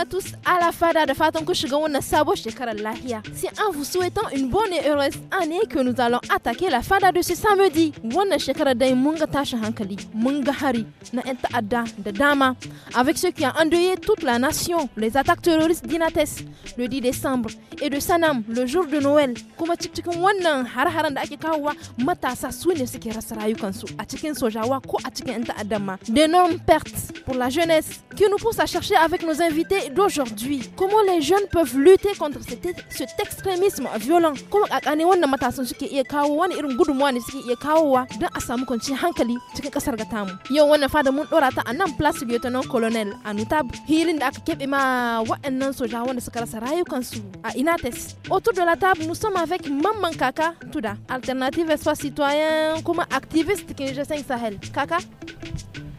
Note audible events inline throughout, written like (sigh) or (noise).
à tous à la fada de Fatan Kushigawon Sabo Shekara Lahia. C'est en vous souhaitant une bonne et heureuse année que nous allons attaquer la fada de ce samedi. Wana Shekara Dai Munga Mungahari, Hankali, Adda, Na Enta de Dama, avec ceux qui a endeuillé toute la nation, les attaques terroristes d'Inates le 10 décembre et de Sanam le jour de Noël. Kuma cikin wannan har-haren da ake kawowa matasa su ne suke rasa rayukansu a cikin sojawa ko a cikin D'énormes pertes pour la jeunesse qui nous pousse à chercher avec nos invités d'aujourd'hui, comment les jeunes peuvent lutter contre cet, cet extrémisme violent kuma a kane wannan matasan suke iya kawo wani irin gudunmuwa ne suke iya kawowa don a samu kwanciyar hankali cikin kasar ga tamu yau wannan fada mun dora ta a nan place lieutenant colonel anutab hilin da aka keɓe ma waɗannan soja wanda suka rasa rayukansu a inates autour de la table nous sommes avec mamman kaka tuda alternative espace citoyen kuma activiste kin je sahel kaka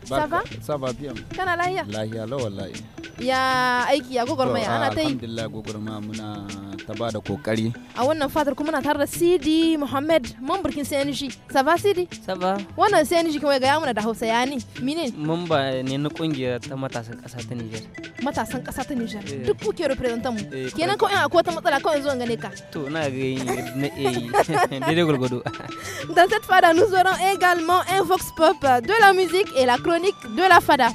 Ça va Ça va bien. Kana lahiya? Lahiya la wallahi ya aiki ya gwagwarmaya ana ta yi alhamdulillah gwagwarmaya muna ta ba kokari a wannan fatar kuma na tare da sidi muhammad mamburkin cng sava sidi sava wannan cng kuma ga yamuna da hausa ya ne mine mamba ne na kungiyar ta matasan kasa ta niger matasan kasa ta niger eh. duk kuke representan mu eh, kenan ko in akwai wata matsala kawai zuwa gane ka to na ga yin na eyi (laughs) (laughs) daidai gwargwado dans cette fada nous aurons également un vox pop euh, de la musique et la chronique de la fada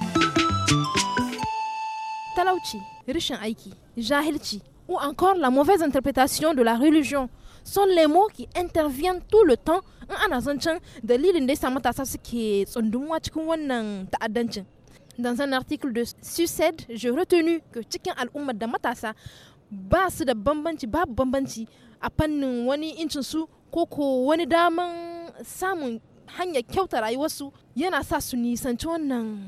talauchi, rishin aiki, jahilchi ou encore la mauvaise interprétation de la religion sont les mots qui interviennent tout le temps en ana de dalilin da ya matasa suke tsundumuwa cikin wannan Dans un article de Suced, j'ai retenu que cikin al'ummar da matasa ba su da bambanci babu bambanci a fannin wani incin su ko ko wani daman samun hanya kyauta yana sa su nisanci wannan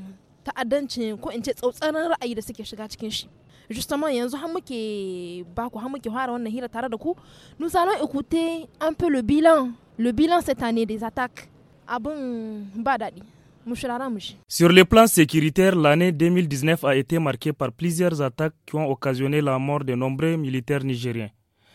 ko ra'ayi da suke shiga cikin shi justement yanzu har muke ba ku har muke fara wannan hira tare da ku nous allons écouter un peu le bilan le bilan cette année des attaques abin ba Sur le plan sécuritaire, l'année 2019 a été marquée par plusieurs attaques qui ont occasionné la mort de nombreux militaires nigériens.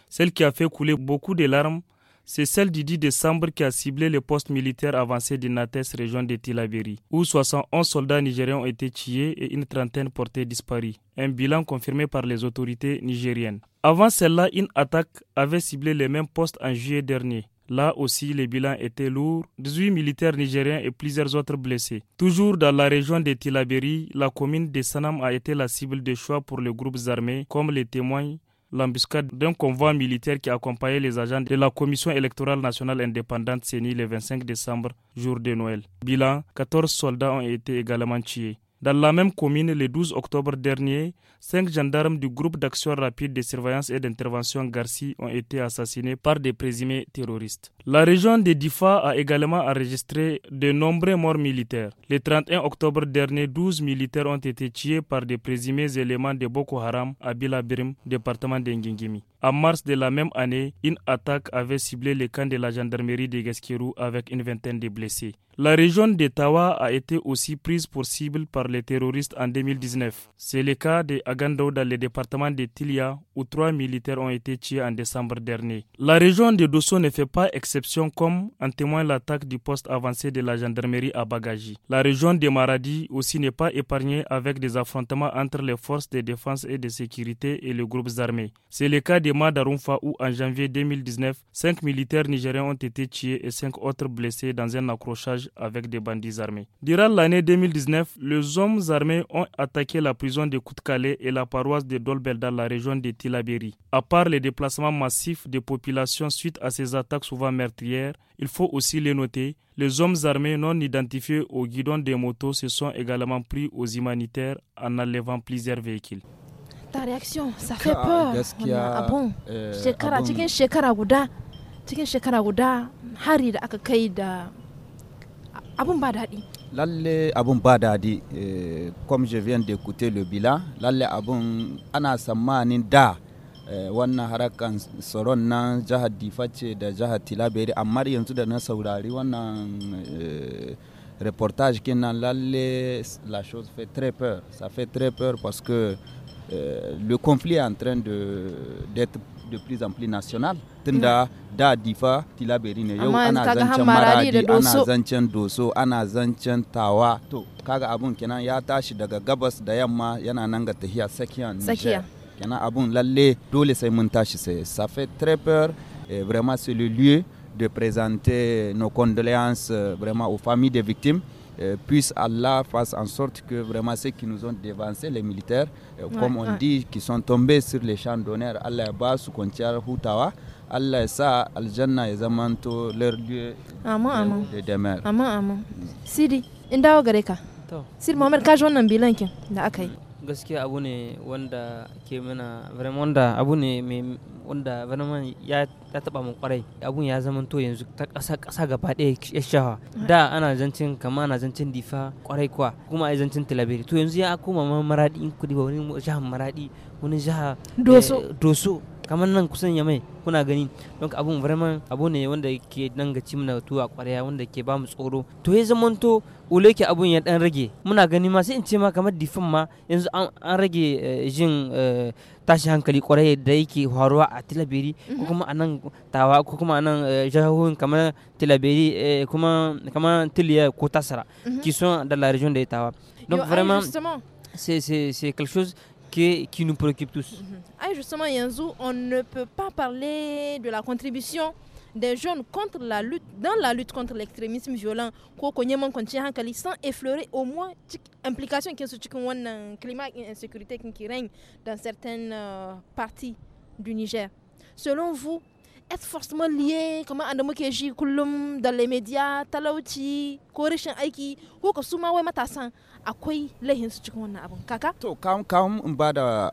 Celle qui a fait couler beaucoup de larmes c'est celle du 10 décembre qui a ciblé le poste militaire avancé de Nates, région de Tilaberi, où 71 soldats nigériens ont été tués et une trentaine portés disparus. Un bilan confirmé par les autorités nigériennes. Avant celle-là, une attaque avait ciblé les mêmes postes en juillet dernier. Là aussi, les bilans étaient lourds, 18 militaires nigériens et plusieurs autres blessés. Toujours dans la région de Tilaberi, la commune de Sanam a été la cible de choix pour les groupes armés, comme les témoignent l'embuscade d'un convoi militaire qui accompagnait les agents de la Commission électorale nationale indépendante CENI le 25 décembre, jour de Noël. Bilan 14 soldats ont été également tués. Dans la même commune, le 12 octobre dernier, cinq gendarmes du groupe d'action rapide de surveillance et d'intervention Garci ont été assassinés par des présumés terroristes. La région de Difa a également enregistré de nombreux morts militaires. Le 31 octobre dernier, 12 militaires ont été tués par des présumés éléments de Boko Haram à Bilabirim, département de Ngingimi. En mars de la même année, une attaque avait ciblé le camp de la gendarmerie de Gaskirou avec une vingtaine de blessés. La région de Tawa a été aussi prise pour cible par les terroristes en 2019. C'est le cas de Agando dans le département de Tilia où trois militaires ont été tués en décembre dernier. La région de Dosso ne fait pas exception comme en témoigne l'attaque du poste avancé de la gendarmerie à Bagaji. La région de Maradi aussi n'est pas épargnée avec des affrontements entre les forces de défense et de sécurité et les groupes armés. C'est le cas de Madarumfa où en janvier 2019, cinq militaires nigériens ont été tués et cinq autres blessés dans un accrochage avec des bandits armés. Durant l'année 2019, les hommes armés ont attaqué la prison de Koutkalé et la paroisse de Dolbel dans la région de Tilaberi. À part les déplacements massifs des populations suite à ces attaques souvent meurtrières, il faut aussi les noter, les hommes armés non identifiés au guidon des motos se sont également pris aux humanitaires en enlevant plusieurs véhicules. ta réaction, ça fait peur Qu'est-ce abun ba lalle abun ba eh, comme je viens d'écouter le bilan lalle abun ana sammanin da eh, wannan harakan tsaron nan jihar diface da jihar tilaberi amma yanzu da na saurari wannan eh, reportage qui lalle la chose fait très peur. Ça fait très peur parce que le conflit est en train d'être de, de, plus en plus national tunda da difa tilaberi ne yau ana zancen maradi ana zancen doso ana zancen tawa to kaga abun kenan ya tashi daga gabas da yamma yana nan ga tahiya sakiyan sakiya kenan abun lalle dole sai mun tashi sai ça fait très peur et vraiment c'est le lieu de présenter nos condoléances euh, vraiment aux familles des victimes euh, puisse Allah fasse en sorte que vraiment ceux qui nous ont dévancés, les militaires, euh, ouais, comme on ouais. dit, qui sont tombés sur les champs d'honneur, Allah Bas, Hutawa, Allah ya sa aljanna ya zamanto lardiyo da damar. Amma amma. Sidi, in dawo gare ka. Sidi Muhammad ka ji wannan bilankin da aka yi. Gaskiya abu ne wanda ke mana wanda abu ne mai wanda vraiment ya taba mu kwarai abun ya zama to yanzu ta kasa kasa gaba ɗaya ya shawa da ana zancin kama ana zancin difa kwarai kuwa kuma ai zancin talabiri to yanzu ya koma ma maradi in kudi wani jihar maradi wani jihar doso eh, kamar nan kusan ya mai kuna gani don abun vraiment abu ne wanda ke nan ga ci muna tuwa kwarya wanda ke mu tsoro to ya zamanto uleke abun ya dan rage muna gani ma sai in ce ma kamar difin ma yanzu an rage eh, jin eh, tashi hankali kwarai da yake faruwa a tilaberi ko mhm. kuma anan tawa ko kuma anan nan eh, kamar tilaberi kuma kamar tiliya ko tasara ki mhm. son da la region da tawa donc ah, vraiment c'est quelque chose qui, nous préoccupe tous. Mhm. Ah, justement, Yanzou, on ne peut pas parler de la contribution des jeunes contre la lutte, dans la lutte contre l'extrémisme violent, sans effleurer au moins l'implication qu'il est sur le euh, climat et qui règne dans certaines euh, parties du Niger. Selon vous, est forcément lié kamar an da kulum shi talouchi da lemediya aiki ko ka su ma wai matasan akwai su cikin wannan kaka to kam kam in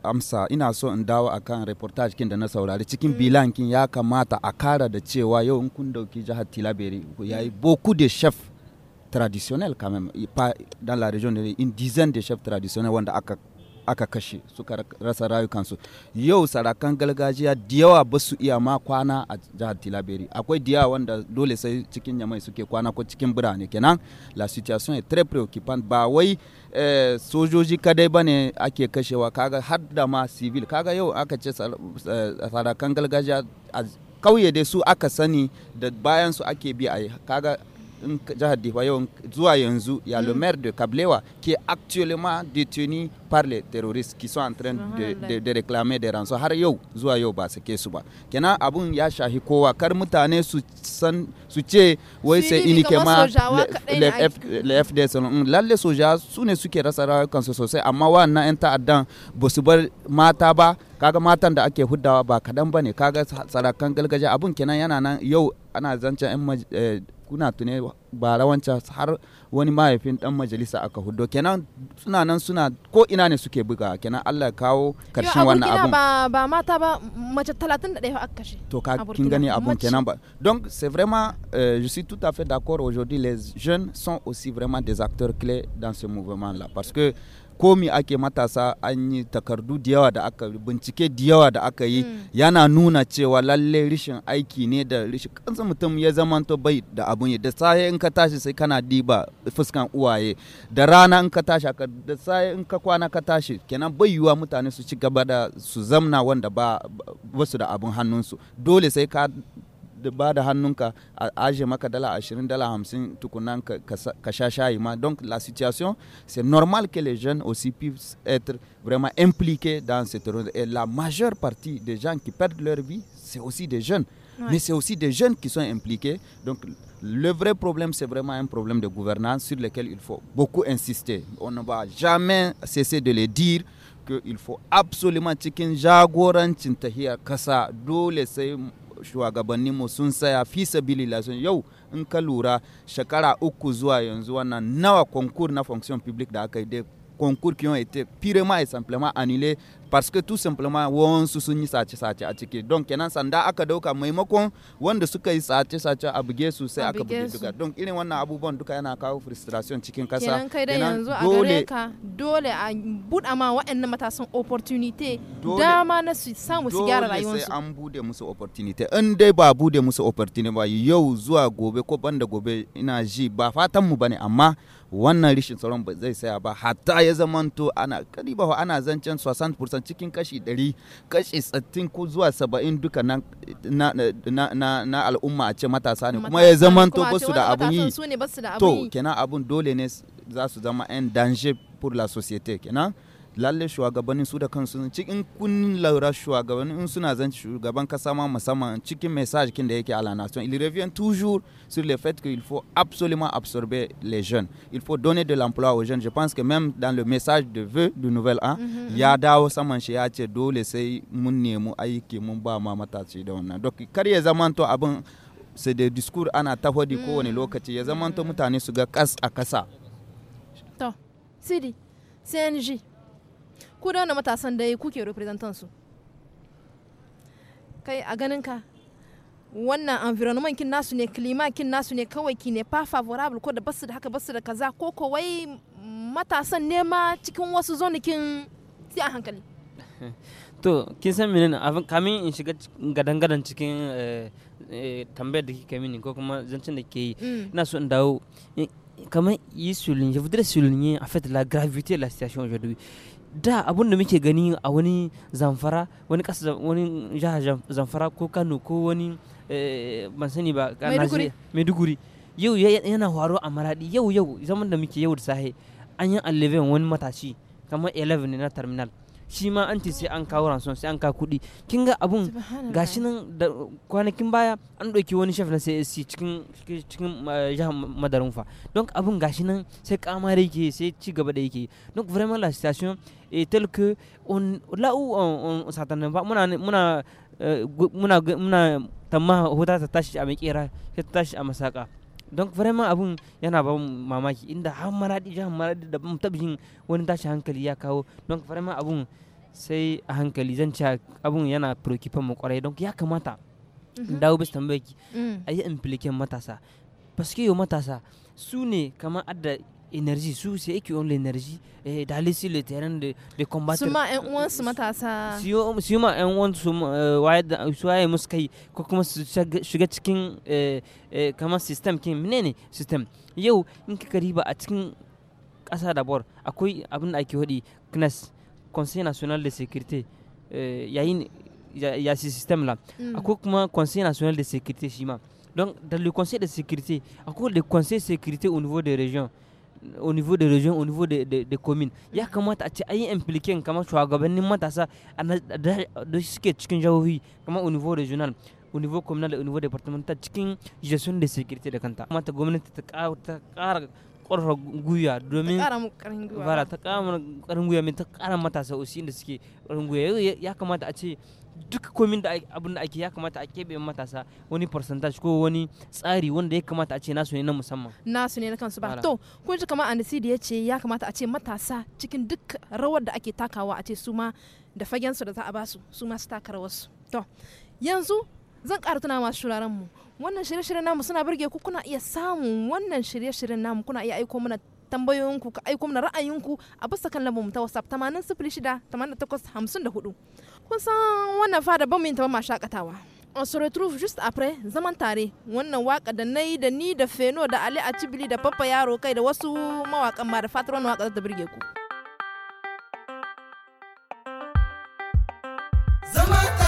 amsa ina so in akan reportage kin da na saurari cikin mm. bilan kin ya kamata a kara da cewa yau in kun dauki jihar Tilaberi yayi beaucoup de chefs traditionnels quand même pas dans la région une dizaine de chefs traditionnels wanda aka aka kashe suka rasa rayukansu yau sarakan gargajiya da yawa ba su iya ma kwana a jihar tilaberi akwai da wanda dole sai cikin yamai suke kwana ko cikin birane kenan la situation est très préoccupante ba wai eh, sojoji kadai ba ne ake kashewa kaga har da ma civil kaga yau aka ce eh, sarakan gargajiya a kauye dai su aka sani da bayan su ake bi a kaga il y a le mm. maire de Kablewa qui est actuellement détenu par les terroristes qui sont en train de, de, de réclamer des rançons. Har yau zuwa yau ba sake su ba. abun ya shahi kowa kar mutane su san su ce wai les inikema le FDS mm, lalle soja su ne suke rasa rayukansu sosai amma wannan 'yan ta'addan ba su mata ba kaga matan da ake huddawa ba kadan bane kaga sarakan gargajiya abun kenan yana nan yau ana zancen yan eh, kuna tune ba wancan har wani mahaifin dan majalisa aka hudo kenan suna nan suna ko ina ne suke buga kenan Allah ya kawo karshen wannan abun ba ba mata ba mace 31 aka kashe to ka kin gani abun kenan ba donc c'est vraiment euh, je suis tout à fait d'accord aujourd'hui les jeunes sont aussi vraiment des acteurs clés dans ce mouvement là parce que komi ake matasa an yi takardu da yawa da aka bincike da yawa da aka yi mm. yana nuna cewa lalle rishin aiki ne da rishin kansa mutum ya zamanto bai da abun yi da saye in ka tashi sai kana diba fuskan uwaye da rana in ka tashi da saye in ka kwana ka tashi kenan bai yiwuwa mutane su ci gaba da su zamna wanda ba su da abun hannunsu dole sai ka ba hannunka dala 20 donc la situation c'est normal que les jeunes aussi puissent être vraiment impliqués dans cette ronde et la majeure partie des gens qui perdent leur vie c'est aussi des jeunes mais c'est aussi des jeunes qui sont impliqués donc le vrai problème, c'est vraiment un problème de gouvernance sur lequel il faut beaucoup insister. On ne va jamais cesser de le dire qu'il faut absolument shugabanninmu sun saya fi sabilillah sun yau in ka lura shekara uku zuwa yanzu wannan nawa na fonction publique da aka yi dai concours qui ont été purement et simplement annulés parce que tout simplement wawansu sun yi sace-sace a ciki don kenan sanda aka dauka maimakon wanda suka yi sace-sace a buge su sai aka buge duka don irin wannan abubuwan duka yana kawo frustration cikin kasa kenan kai da yanzu a gare ka dole a buɗa ma waɗannan matasan opportunity dama na su samu su gyara rayuwarsu dole sai an bude musu opportunity in dai ba bude musu opportunity ba yau zuwa gobe ko banda gobe ina ji ba fatan mu bane amma wannan rishin tsaron ba zai saya ba hatta ya zamanto ana kadi ba ana zancen 60% cikin kashi 100 kashi 60 ko zuwa 70 duka na na al'umma a ce matasa ne kuma ya zama to ba su da abun yi to kenan abun dole ne za su zama 'yan danger pour la société kenan lalle shugabannin su da kansu cikin kun laura shugabannin in suna zan shugaban kasa ma musamman cikin message kin da yake à la nation il revient toujours sur le fait qu'il faut absolument absorber les jeunes il faut donner de l'emploi aux jeunes je pense que même dans le message de vœux du nouvel an mhm, mhm. ya dawo saman shi ya ce dole sai mun nemi aiki mun ba ma matashi da wannan donc kar ya zamanto abin sai da discours ana ta mm. kowane lokaci ya zamanto mutane su ga kas a kasa to sidi cng ku da wanda matasan da kuke representan su kai a ganinka wannan environment kin nasu ne klima kin nasu ne kawai ki ne pa favorable ko da basu da haka basu da kaza ko ko wai matasan nema cikin wasu zonikin sai a hankali (laughs) to kin san menene kamin in shiga gadan-gadan cikin eh, eh, tambayar da kika mini ko kuma zancen da ke yi mm. ina so in dawo eh, kamar yi souligner je voudrais souligner en fait la gravité de la situation aujourd'hui da abun da muke gani a wani zamfara wani kasa wani jihar zamfara ko kano ko wani eh, ban sani ba maiduguri yau yana horo a maradi yau yau zaman da muke yau da sahe an yi 11 wani matashi kamar 11 ne na terminal shi ma an ce sai an kawo ransom sai an ka kuɗi kin ga abun gashi nan da kwanakin baya an ɗauki wani chef na CSC cikin cikin eh, jihar Madarunfa don abun gashi nan sai kamare yake sai ci gaba da yake donc vraiment la situation est telle que on là où on, on s'attendait pas muna muna eh, muna muna tamma huta ta tashi a mai kera ta tashi a masaka donc vraiment abun yana ba mamaki inda har ah, maradi ja maradi da mun tabbin wani tashi hankali ya kawo donc vraiment abun sai a hankali zan ci abun yana preoccupant mu kwarai donc ya kamata dawo bis tambayi a yi implike matasa paske yau matasa su ne kamar adda énergie sous c'est eux qui ont l'énergie d'aller sur le terrain de, de combattre suma en uwan su matasa suma en uwan su waye su waye musu kai ko kuma su shiga cikin kamar system kin menene system yau in ka riba a cikin ƙasa da bor akwai abin da ake hodi CNES Conseil National de Sécurité yayin euh, ya ce système là akwai mm. kuma Conseil National de Sécurité shima donc dans le Conseil de Sécurité akwai le Conseil de Sécurité au niveau des régions au niveau des régions, au niveau des, des, communes. il y a ayi impliqué dans shugabannin matasa da tu cikin jihohi comment au niveau régional, au niveau communal au niveau départemental cikin gestion de sécurité de kanta guya domin ta duk komin da abin da ake ya kamata a keɓe matasa wani percentage ko wani tsari wanda ya kamata a ce nasu ne na musamman nasu ne na kansu ba to kun ji kamar anisi da ya ce ya kamata a ce matasa cikin duk rawar da ake takawa a ce su ma da fagen su da za a basu su ma su taka rawar su to yanzu zan ƙara tuna masu shuraren mu wannan shirye-shiryen namu suna burge ku kuna iya samun wannan shirye-shiryen namu kuna iya aiko mana tambayoyinku ka aiko mana ra'ayinku a bisa kan lambar ta WhatsApp 806854. Kun san wannan fara ban min ta ma shakatawa. On se retrouve juste après zaman tare wannan waka da nayi da ni da Feno da Ali cibili da Papa Yaro kai da wasu mawakan ma da fatar wannan waka da birge burge ku. Zaman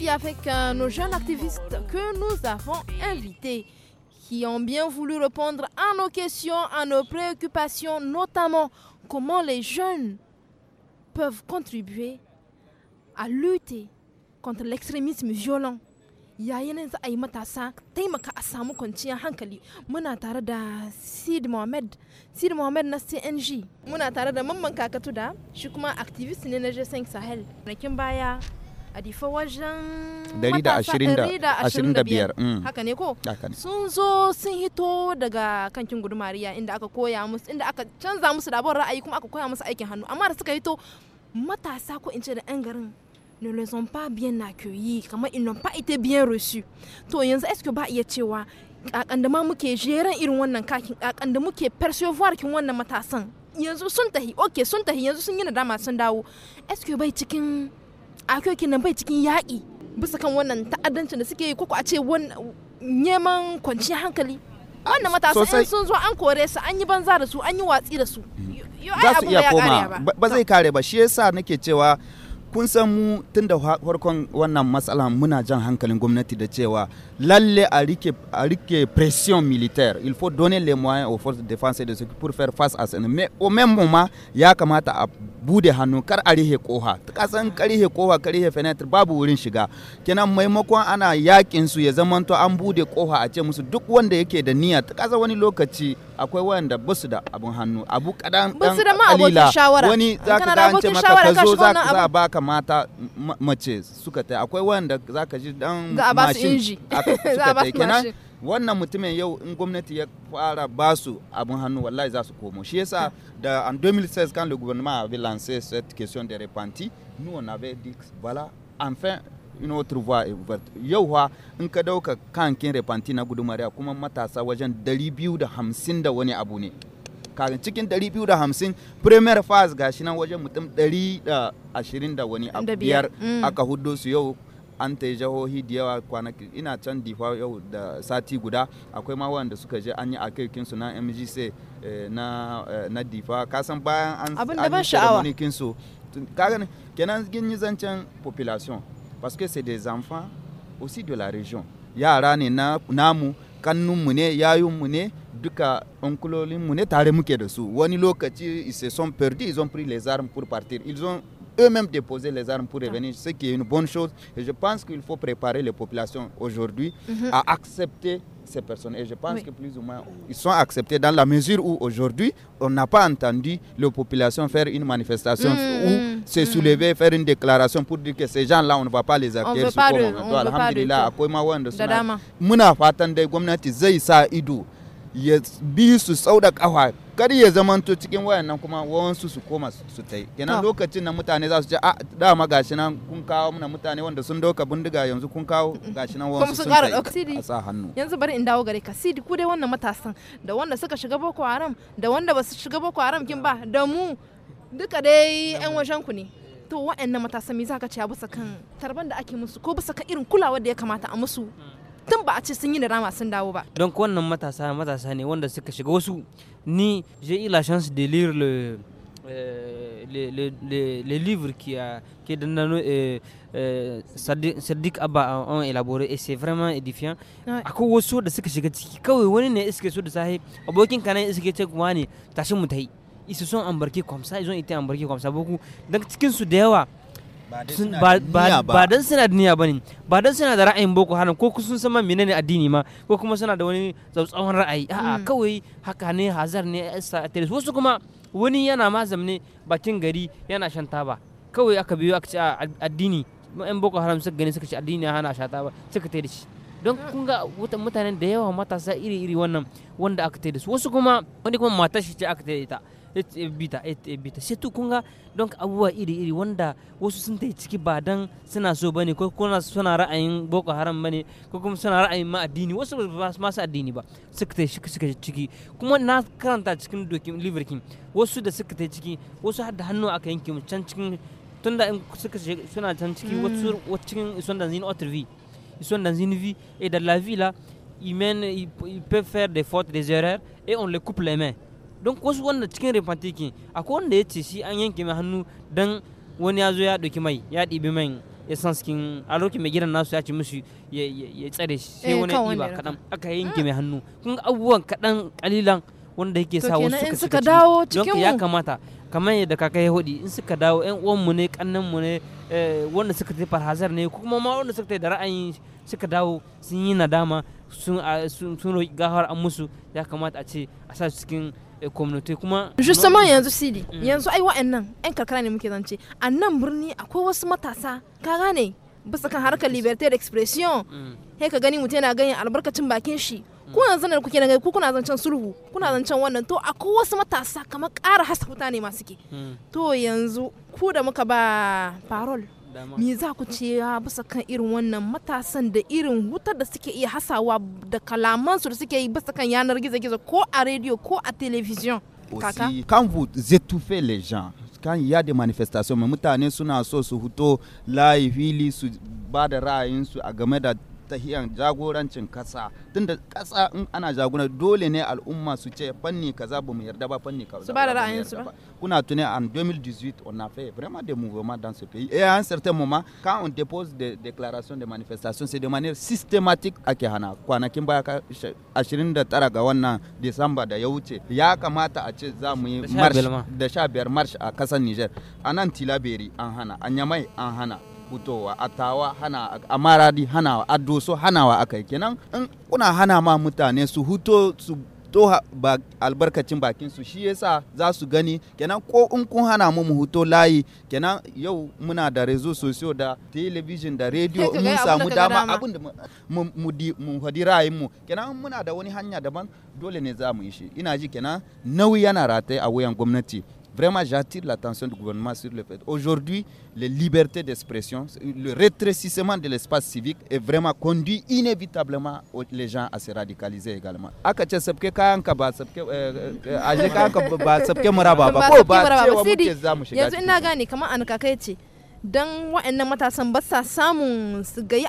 aussi avec euh, nos jeunes activistes que nous avons invités, qui ont bien voulu répondre à nos questions, à nos préoccupations, notamment comment les jeunes peuvent contribuer à lutter contre l'extrémisme violent. yayin yanzu a yi matasa taimaka a samu kwanciyar hankali muna tare da sid mohamed sid mohamed na cng muna tare da mamman kakatu da shi kuma activist ne na g5 sahel kwanakin baya a wajen biyar. haka ne ko sun zo sun hito daga kankin gudumariya inda aka koya musu inda aka canza musu ra'ayi kuma aka musu aikin hannu amma da suka ne les ont pas bien accueillis comment ils n'ont pas été bien reçus to yanzu est-ce que ba iya cewa muke jeran irin wannan kakin muke percevoir kin wannan matasan yanzu sun tahi okay sun tahi yanzu sun yi nadama sun dawo est bai cikin ke nan bai cikin yaƙi bisa kan wannan ta'addancin da suke yi ko a ce neman kwanciyar hankali wannan matasa in sun zo an kore su an yi banza da su an yi watsi da su za su iya koma ba zai kare ba shi yasa nake cewa kun san mu tun da farkon wannan matsala muna jan hankalin gwamnati da cewa lalle a rike a rike pression militaire il faut donner les moyens aux forces de défense de sécurité pour faire face à ça mais au même moment ya kamata a bude hannu kar a rihe koha ka san ka rihe koha rihe babu wurin shiga kenan maimakon ana yakin su ya zamanto an bude koha a ce musu duk wanda yake da niyya kasa wani lokaci akwai wanda basu da abun hannu abu kadan dan alila wani zaka ga an ce maka ka zo za a baka mata mace suka ta akwai wanda zaka ji dan mashin (laughs) suka ta kenan wannan mutumin yau in gwamnati ya fara ba su abun hannu wallahi za su komo shi yasa da en 2016 quand le gouvernement avait lancé cette question de repenti nous on avait dit voilà enfin in autre voie yau ha in ka dauka kankin repanti na gudumariya kuma matasa wajen 250 da wani abu ne karin cikin 250 premier fast gashi nan wajen mutum 120 da wani abu biyar mm. aka hudo su yau an ta yi jihohi da yawa kwanaki ina can difa yau da sati guda akwai ma wanda suka je an yi a su na mgc eh, eh, na difa kasan bayan an abin da ban kenan gin zancen population parce que c'est des enfants aussi de la région namu duka ils se sont perdus ils ont pris les armes pour partir ils ont eux-mêmes déposé les armes pour ah. revenir, ce qui est une bonne chose. Et je pense qu'il faut préparer les populations aujourd'hui mhm. à accepter ces personnes. Et je pense que plus ou moins, ils sont acceptés dans la mesure où aujourd'hui, on n'a pas entendu la population faire une manifestation hmm. ou se hmm. soulever, faire une déclaration pour dire que ces gens-là, on ne va pas les accueillir. kar ya zamanto cikin nan kuma wawansu su koma su yi kenan lokacin na mutane za su ce a ah, dama gashi nan kun kawo muna mutane wanda sun doka bindiga yanzu kun kawo gashi nan wawansu sun tai a sa hannu yanzu bari in dawo gare ka sidi ku dai wannan matasan da wanda suka shiga boko haram da wanda ba su shiga boko haram kin ba da mu duka dai yan wajen ku ne to wa'annan matasan me zaka ce bisa kan tarban da ake musu ko bisa kan irin kulawar da ya kamata a musu tun ba a ce sun yi nadama sun dawo ba donc wannan matasa matasa ne wanda suka shiga wasu ni j'ai eu la chance de lire le euh, le le les, les, les livres qui a qui Dandano et euh, euh Sadiq Abba ont élaboré et c'est vraiment édifiant. Akwai wasu da suka shiga ciki kawai wani ne iske so da sahi abokin kanan iske ce kuma ne tashi mutai. Ils se sont embarqués comme ça, ils ont été embarqués comme ça beaucoup. Donc cikin su da yawa ba don suna da niyya ne ba don suna da ra'ayin boko haram ko sun san man menene addini ma ko kuma suna da wani tsautsauran ra'ayi a'a hmm. kawai haka ne hazar ne a wasu kuma wani yana ma zamne bakin gari yana shan taba kawai aka biyo aka ce ah, addini yan boko haram suka gani suka ce addini ya hana shata ba suka tai shi don hmm. kun ga mutanen da yawa matasa iri-iri wannan wanda aka tai da su wasu kuma wani kuma matar shi ce aka tai da ita bita bita sai to ga don abubuwa iri iri wanda wasu sun ta ciki ba don suna so bane ko kuma suna ra'ayin boko haram bane ko kuma suna ra'ayin ma addini wasu ba su addini ba suka ta suka ciki kuma na karanta cikin dokin liverkin wasu da suka ta ciki wasu har da hannu aka yanke mu can cikin tunda in suka suna can ciki hmm. wasu cikin ison danzini otrvi ison danzini vi et dans la vie là ils mènent ils peuvent faire des fautes des erreurs et on les coupe les mains don wasu wanda cikin refantikin akwai wanda ya ce shi an yanke mai hannu dan wani ya zo ya ɗauki mai ya ɗibi mai ya san cikin a lokacin mai gidan nasu ya ci musu ya tsare shi sai eh, wani ya ɗiba kaɗan aka yanke mai hannu kun abubuwan kaɗan ƙalilan wanda yake sa wasu suka suka dawo cikin ya kamata kamar yadda kakai ya hudi in suka dawo yan uwan mu ne kannan mu ne eh, wanda suka tafi farhazar ne kuma ma wanda suka tafi da ra'ayin suka dawo sun yi nadama sun roƙi gahar an musu ya kamata a ce a sa cikin community kuma justement yanzu sidi mm. yanzu ai wa'annan yan kakara ne muke zance a nan birni akwai wasu matasa ka gane bisa kan harkar liberté d'expression sai mm. ka gani mutum yana ganin albarkacin bakin shi mm. ko yanzu ne kuke nan ku kuna zancen sulhu kuna zancen wannan to akwai wasu matasa kamar ƙara hasa ne masu ke to yanzu ku da muka ba parole me za ku ce bisa kan irin wannan matasan da irin wutar da suke iya hasawa da kalamansu da suke yi bisa kan yanar gizo-gizo ko a rediyo ko a television kaka kan vous étouffez les gens quand il y a des manifestations mai mutane suna so su huto layi fili su ba da ra'ayinsu a game da tahiyan jagorancin kasa tunda kasa in ana jagora dole ne al'umma su ce fanni kaza ba mu yarda ba fanni kaza su ba da ra'ayin su ba kuna tuni en 2018 on a fait vraiment des mouvements dans ce pays et à un certain moment quand on dépose des déclarations de manifestation c'est de manière systématique a ake hana kwanakin baya 29 ga wannan December da ya wuce ya kamata a ce za mu yi march da 15 march a kasar Niger anan nan Tilaberi an hana anyamai an hana fitowa a tawa hana a maradi hanawa a doso hanawa aka yi kenan in kuna hana ma mutane su huto su to albarkacin bakin su shi yasa za su gani kenan ko in kun hana mu mu huto layi kenan yau muna da rezo sosai da television da radio mun samu dama abin da mu mu hadi rayin mu kenan muna da wani hanya daban dole ne za mu yi shi ina ji kenan nauyi yana rataye a wuyan gwamnati Vraiment, j'attire l'attention du gouvernement sur le fait. Aujourd'hui, les libertés d'expression, le rétrécissement de l'espace civique est vraiment conduit inévitablement les gens à se radicaliser également. Euh, euh, dan matasan ba sa samun su gayi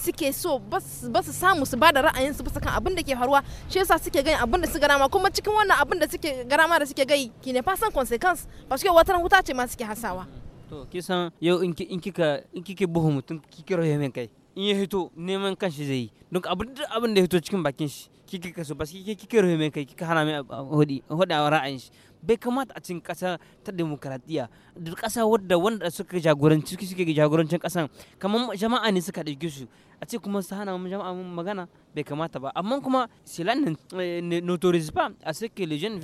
suke so ba su samu su ba da ra'ayinsu bisa kan abin da ke faruwa shi yasa suke gani abin da suka garama kuma cikin wannan abin da suke garama da suke gai ki ne fasan consequence parce que wata wuta ce ma suke hasawa to kisan yau in kika in kike buhu mutum ki rohe min kai in ya hito neman kanshi zai yi don abin da abin da ya hito cikin bakin shi kike kaso ba kike kike rohe min kai kika hana min hodi a ra'ayin shi bai kamata a cikin ta a ce magana bai kamata ba amma kuma n'autorise pas à ce que les jeunes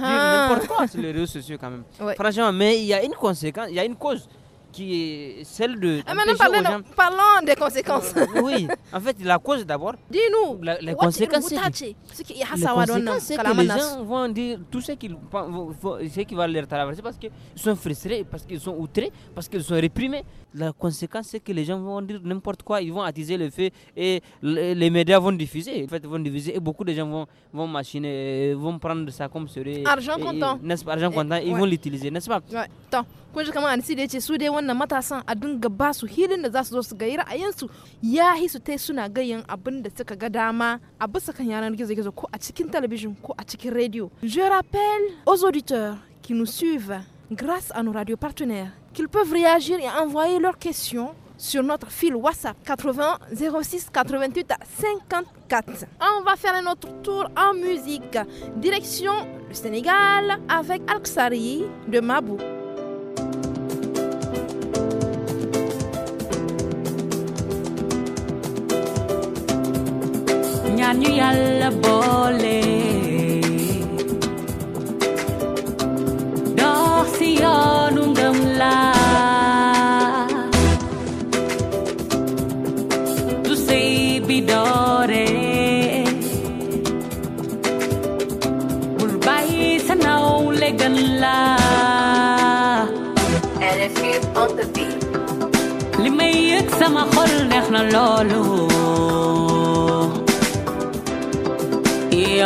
n'importe quoi sur les mais il y a une conséquence il y a une cause qui est celle de. Ah, parlons, des conséquences. Euh, oui, en fait, la cause d'abord. Dis-nous, les conséquences. Les c'est que les gens vont dire tout ce qu'ils qui va leur traverser parce qu'ils sont frustrés, parce qu'ils sont outrés, parce qu'ils sont réprimés. La conséquence, c'est que les gens vont dire n'importe quoi, ils vont attiser le feu et les médias vont diffuser. En fait, vont diffuser et beaucoup de gens vont, vont machiner, euh, vont prendre ça comme serait. Argent comptant. N'est-ce pas Argent comptant, ils vont l'utiliser, n'est-ce pas Oui. Tant, quand je commence à décider, je mata matasan a da zo ya tai suna suka ga dama a bisa kan Je rappelle aux auditeurs qui nous suivent grâce à nos radios partenaires qu'ils peuvent réagir et envoyer leurs questions sur notre fil WhatsApp 80 06 88 54. On va faire un autre tour en musique, direction le Sénégal avec Alksari de Mabou. And yalla boole dox si yoonu ngëm laa du sëy bi doore bul bàyyi sa nawle gën li may yëg sama xol neex na loolu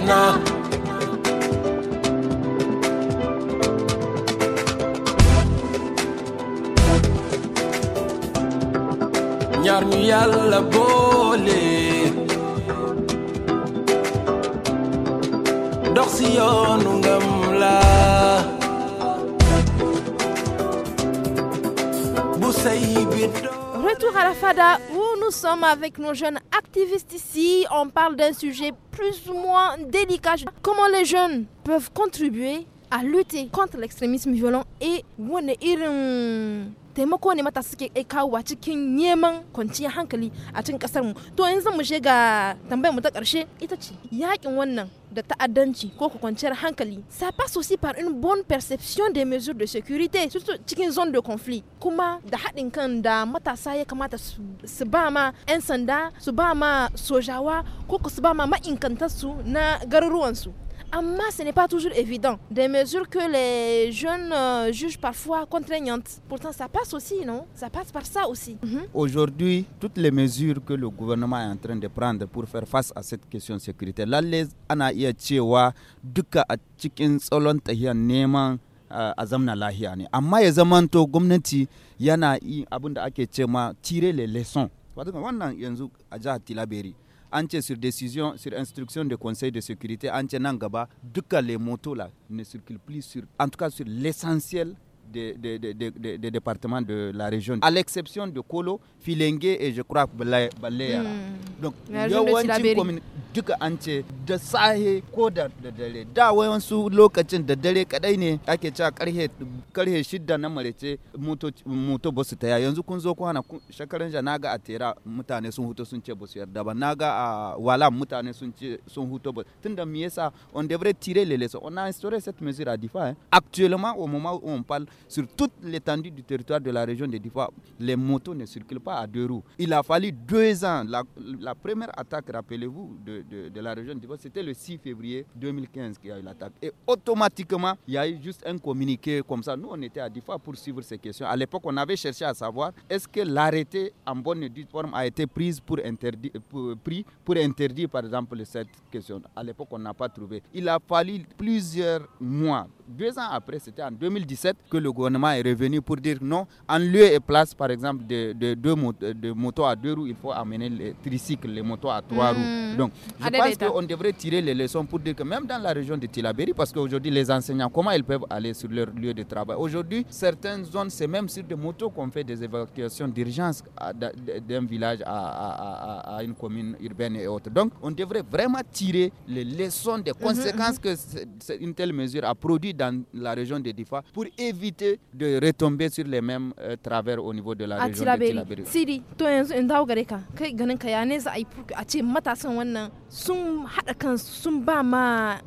Vienna. ñaar ñu yàlla boole dox si yoonu ngam la bu say bi Retour à la Fada où nous sommes avec nos jeunes ici, on parle d'un sujet plus ou moins délicat. Comment les jeunes peuvent contribuer à lutter contre l'extrémisme violent et taimako ne mata suke eh, kawowa cikin neman kwanciyar hankali a cikin kasar mu to yanzu zan mu ga tambayar mu ta karshe ita ce yakin wannan da ta'addanci ko ku kwanciyar hankali ça passe aussi par une bonne perception des mesures de sécurité surtout cikin zone de conflit kuma da haɗin kan da matasa ya kamata su ba ma 'yan sanda su ba ma sojawa ko su ba ma ma'inkantarsu na garuruwansu En masse, ce n'est pas toujours évident. Des mesures que les jeunes euh, jugent parfois contraignantes. Pourtant, ça passe aussi, non Ça passe par ça aussi. Mhm. Aujourd'hui, toutes les mesures que le gouvernement est en train de prendre pour faire face à cette question de sécurité, là, les ana iya cewa duka a cikin tsalon tahiyar neman euh, a zamna lahiya ne amma ya zamanto gwamnati yana abin da ake ce ma les le leçon wannan yanzu a jihar tilaberi entier sur décision sur instruction du conseil de sécurité entier Nangaba de gaba les motos ne circulent plus sur en tout cas sur l'essentiel des, des, des, des, départements de la région, à l'exception de Kolo, Filengue et je crois Baléa. Hmm. Donc, il y a une commune duka an de sahe ko da dare da wayansu lokacin da dare kadai ne ake cewa karhe karhe shidda na marece moto ba su taya yanzu kun zo ku shakaran naga Atera, mutane sun huto sun ce ba ba naga wala mutane sun ce sun huto ba tunda yasa on devrait tirer les leçons on a instauré cette mesure à difa hein. actuellement au moment où on parle sur toute l'étendue du territoire de la région de Difa, les motos ne circulent pas à deux roues. Il a fallu deux ans. La, première attaque, rappelez-vous, de, la région de Difa, c'était le 6 février 2015 qu'il y a eu l'attaque. Et automatiquement, il y a eu juste un communiqué comme ça. Nous, on était à Difa pour suivre ces questions. À l'époque, on avait cherché à savoir est-ce que l'arrêté en bonne et due forme a été pour interdire, pris pour interdire, par exemple, cette question. À l'époque, on n'a pas trouvé. Il a fallu plusieurs mois. Deux ans après, c'était en 2017 que le le gouvernement est revenu pour dire non, en lieu et place, par exemple, de, de, de motos à deux roues, il faut amener les tricycles, les motos à trois roues. Hmm. Donc, je pense qu'on devrait tirer les leçons pour dire que même dans la région de Tilaberi, parce qu'aujourd'hui, les enseignants, comment ils peuvent aller sur leur lieu de travail Aujourd'hui, certaines zones, c'est même sur des motos qu'on fait des évacuations d'urgence d'un village à, une commune urbaine et autres. Donc, on devrait vraiment tirer les leçons des mhm, conséquences mhm. que une telle mesure a produit dans la région de Difa pour éviter de retomber sur les mêmes euh, travers au niveau de la région de Tilaberi. Siri, to yanzu in kai ganin ka ya ne a ce matasan wannan sun sun ba ma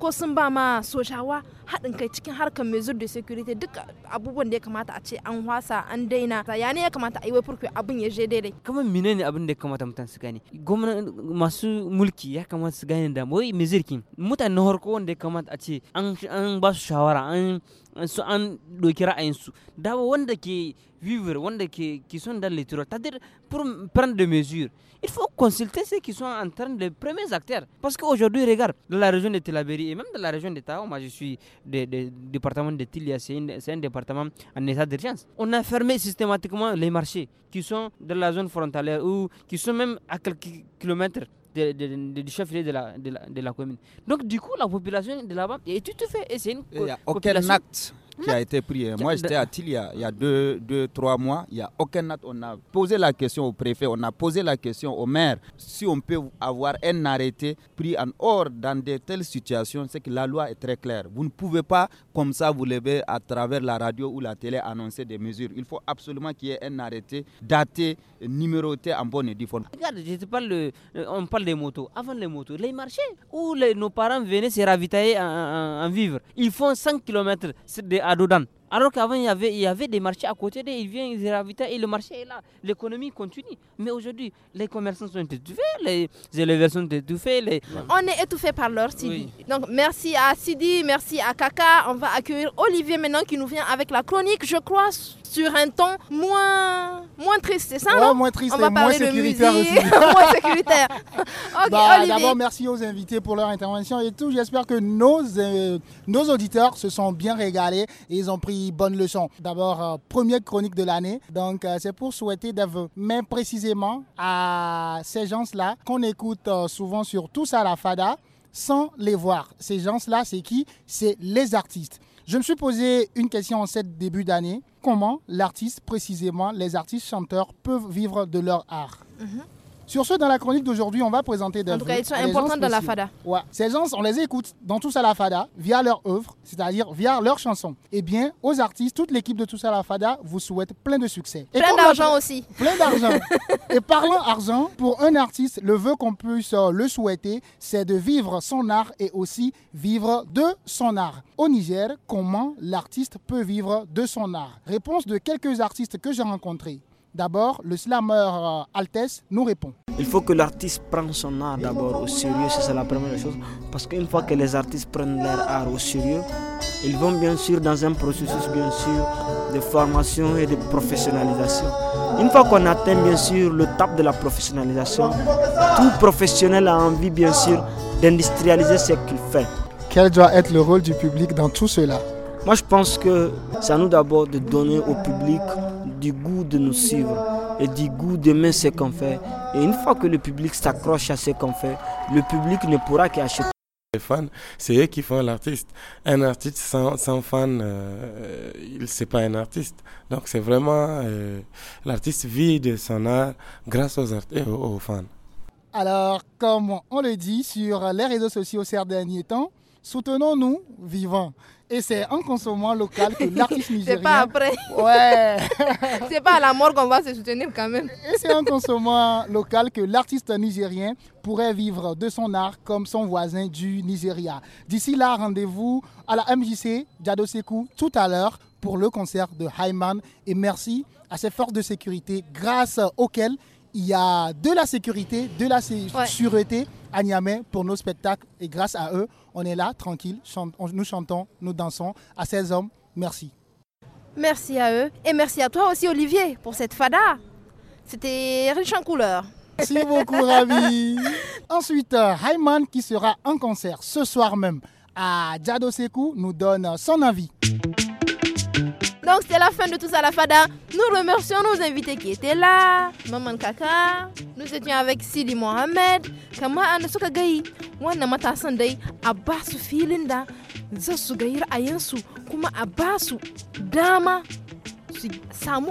ko sun ba ma soshawa haɗin kai cikin harkar mezur da security duka abubuwan da ya kamata a ce an wasa an daina ya ne ya kamata a yi wai abin ya je daidai. Kamar mine ne abin da ya kamata mutan su gane? Gwamnati masu mulki ya kamata su gane da wai mezirkin mutanen harko wanda ya kamata a ce an ba su shawara an su an ɗauki ra'ayinsu dawo wanda ke vivre wanda ke qui sont dans les tiroirs cest dire pour prendre des mesures il faut consulter ceux qui sont en train de premiers acteurs parce qu'aujourd'hui regarde dans la région de Telaberi et même dans la région de Tao moi je suis du département de Tilia c'est un département en état d'urgence on a fermé systématiquement les marchés qui sont de la zone frontalière ou qui sont même à quelques kilomètres de, du chef-lieu de la, de, la, commune. Donc, du coup, la population de là-bas est tout à fait. Et c'est une. Il n'y a aucun acte qui a été pris. Moi, j'étais à Tilia il y a deux, deux, trois mois. Il y a aucun acte. On a posé la question au préfet, on a posé la question au maire. Si on peut avoir un arrêté pris en hors dans de telles situations, c'est que la loi est très claire. Vous ne pouvez pas, comme ça, vous lever à travers la radio ou la télé, annoncer des mesures. Il faut absolument qu'il y ait un arrêté daté, numéroté en bonne et due forme. Regarde, euh, on parle des motos. Avant les motos, les marchés où nos parents venaient se ravitailler en, en, vivre, ils font 100 km alors qu'avant, il, y avait des marchés à côté, il ils viennent, ils et le marché est là. L'économie continue. Mais aujourd'hui, les commerçants sont étouffés, les éleveurs sont étouffés. Les... On est étouffé par leur Sidi. Donc, merci à Sidi, merci à Kaka. On va accueillir Olivier maintenant qui nous vient avec la chronique, je crois, sur un ton moins, moins triste, c'est ça moins triste et moins sécuritaire aussi. (laughs) moins sécuritaire. (laughs) Bah, d'abord, merci aux invités pour leur intervention et tout. J'espère que nos, euh, nos auditeurs se sont bien régalés et ils ont pris bonne leçon. D'abord, euh, première chronique de l'année. Donc, euh, c'est pour souhaiter d'aveux, mais précisément à ces gens-là qu'on écoute souvent sur Tous à la Fada sans les voir. Ces gens-là, c'est qui C'est les artistes. Je me suis posé une question en cette début d'année comment l'artiste, précisément les artistes chanteurs, peuvent vivre de leur art. Mhm. Sur ce, dans la chronique d'aujourd'hui, on va présenter des En tout cas, sont dans la fada. Ouais. Ces gens, on les écoute dans Tous à la fada via leur œuvre, c'est-à-dire via leurs chansons. Eh bien, aux artistes, toute l'équipe de Tous à la fada vous souhaite plein de succès. Et plein d'argent aussi. Plein d'argent. (laughs) Et parlant argent, pour un artiste, le vœu qu'on puisse euh, le souhaiter, c'est de vivre son art et aussi vivre de son art. Au Niger, comment l'artiste peut vivre de son art Réponse de quelques artistes que j'ai rencontrés. D'abord, le slammer euh, Altesse nous répond. Il faut que l'artiste prenne son art d'abord au sérieux, c'est la première chose. Parce qu'une fois que les artistes prennent leur art au sérieux, ils vont bien sûr dans un processus bien sûr de formation et de professionnalisation. Une fois qu'on atteint bien sûr le top de la professionnalisation, tout professionnel a envie bien sûr d'industrialiser ce qu'il fait. Quel doit être le rôle du public dans tout cela moi, je pense que c'est à nous d'abord de donner au public du goût de nous suivre et du goût d'aimer ce qu'on fait. Et une fois que le public s'accroche à ce qu'on fait, le public ne pourra qu'acheter. Les fans, c'est eux qui font l'artiste. Un artiste sans, fans, fan, euh, il c'est pas un artiste. Donc c'est vraiment euh, l'artiste vit de son art grâce euh, aux fans. Alors, comme on le dit sur les réseaux sociaux ces derniers temps, soutenons-nous vivants. Et c'est un consommant local que l'artiste nigérien. (laughs) c'est pas après. Ouais. (laughs) c'est pas à la mort qu'on va se soutenir quand même. Et c'est un consommant local que l'artiste nigérien pourrait vivre de son art comme son voisin du Nigeria. D'ici là, rendez-vous à la MJC Jado tout à l'heure pour le concert de Hyman. Et merci à ses forces de sécurité grâce auxquelles il y a de la sécurité, de la sûreté à Niamey pour nos spectacles. Et grâce à eux, on est là, tranquille, nous chantons, nous dansons. À ces hommes, merci. Merci à eux. Et merci à toi aussi, Olivier, pour cette fada. C'était riche en couleurs. Merci beaucoup, Ravi. (laughs) Ensuite, Hayman, euh, qui sera en concert ce soir même à Djado Sekou, nous donne son avis. Donc c'est la fin de tout ça la fada. Nous remercions nos invités qui étaient là. Maman Kaka, nous étions avec Sidi Mohamed, Kama Anasuka Gayi, Wana Matasan Sunday. Abbasu Filinda, Zasu Ayansu, Kuma Abbasu Dama, Samu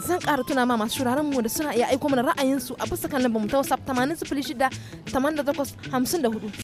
zan ƙara tuna ma masu shuraren mu da suna iya aiko mana ra'ayinsu a bisa kan lambar mu ta WhatsApp 80 shida 88 54